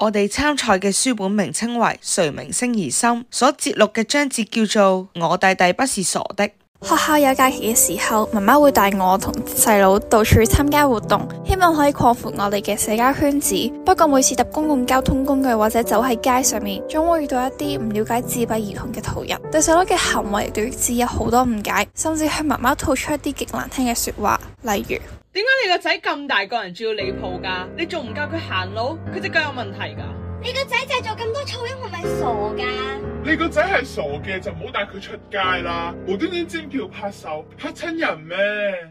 我哋參賽嘅書本名稱為《誰明星兒心》，所節錄嘅章節叫做《我弟弟不是傻的》。學校有假期嘅時候，媽媽會帶我同細佬到處參加活動，希望可以擴闊我哋嘅社交圈子。不過每次搭公共交通工具或者走喺街上面，總會遇到一啲唔了解自閉兒童嘅途人，對細佬嘅行為舉止有好多誤解，甚至向媽媽吐出一啲極難聽嘅說話，例如。點解你個仔咁大個人，仲要你抱噶？你仲唔教佢行路？佢隻腳有問題噶？你個仔製造咁多噪音，係咪傻噶？你個仔係傻嘅，就唔好帶佢出街啦。無端端尖叫拍手，吓親人咩？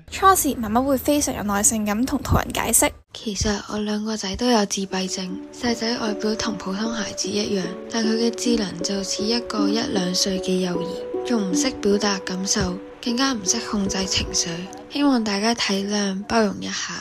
初時媽媽會非常有耐性咁同途人解釋。其實我兩個仔都有自閉症，細仔外表同普通孩子一樣，但佢嘅智能就似一個一兩歲嘅幼兒，仲唔識表達感受。更加唔識控制情緒，希望大家體諒包容一下。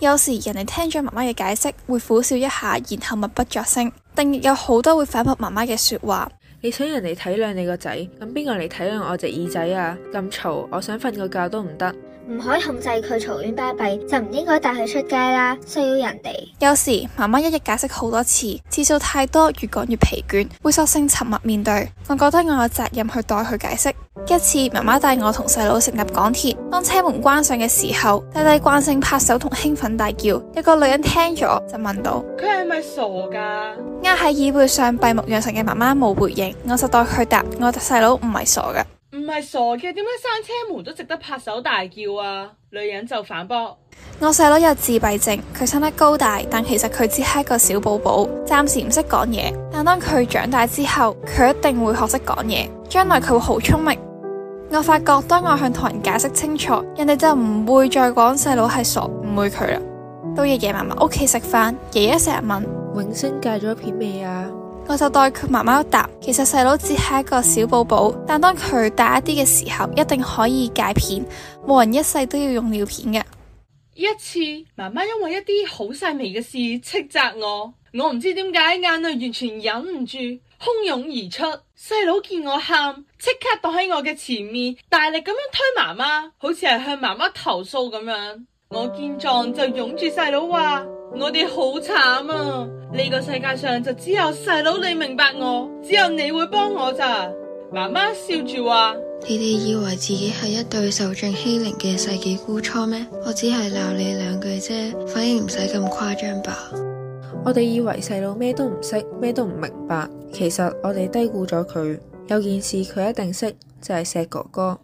有時人哋聽咗媽媽嘅解釋，會苦笑一下，然後默不作聲。定亦有好多會反駁媽媽嘅說話。你想人哋體諒你個仔，咁邊個嚟體諒我隻耳仔啊？咁嘈，我想瞓個覺都唔得。唔可以控制佢嘈亂巴閉，就唔應該帶佢出街啦。騷擾人哋。有時媽媽一日解釋好多次，次數太多，越講越疲倦，會索性沉默面對。我覺得我有責任去代佢解釋。一次，媽媽帶我同細佬乘入港鐵，當車門關上嘅時候，弟弟慣性拍手同興奮大叫。一個女人聽咗就問到：佢係咪傻㗎？壓喺椅背上閉目養神嘅媽媽冇回應，我就代佢答：我細佬唔係傻嘅，唔係傻嘅，點解閂車門都值得拍手大叫啊？女人就反駁：我細佬有自閉症，佢生得高大，但其實佢只係一個小寶寶，暫時唔識講嘢。但當佢長大之後，佢一定會學識講嘢，將來佢會好聰明。我發覺，當我向同人解釋清楚，人哋就唔會再講細佬係傻，唔會佢啦。到爺爺嫲嫲屋企食飯，爺爺成日問永星戒咗片未啊？我就代佢媽媽答：其實細佬只係一個小寶寶，但當佢大一啲嘅時候，一定可以戒片。冇人一世都要用尿片嘅。一次，媽媽因為一啲好細微嘅事斥責我。我唔知點解，眼淚完全忍唔住洶湧而出。細佬見我喊，即刻擋喺我嘅前面，大力咁樣推媽媽，好似係向媽媽投訴咁樣。我見狀就擁住細佬話：我哋好慘啊！呢個世界上就只有細佬你明白我，只有你會幫我咋。媽媽笑住話：你哋以為自己係一對受盡欺凌嘅世紀孤雛咩？我只係鬧你兩句啫，反應唔使咁誇張吧。我哋以為細路咩都唔識，咩都唔明白，其實我哋低估咗佢。有件事佢一定識，就係、是、錫哥哥。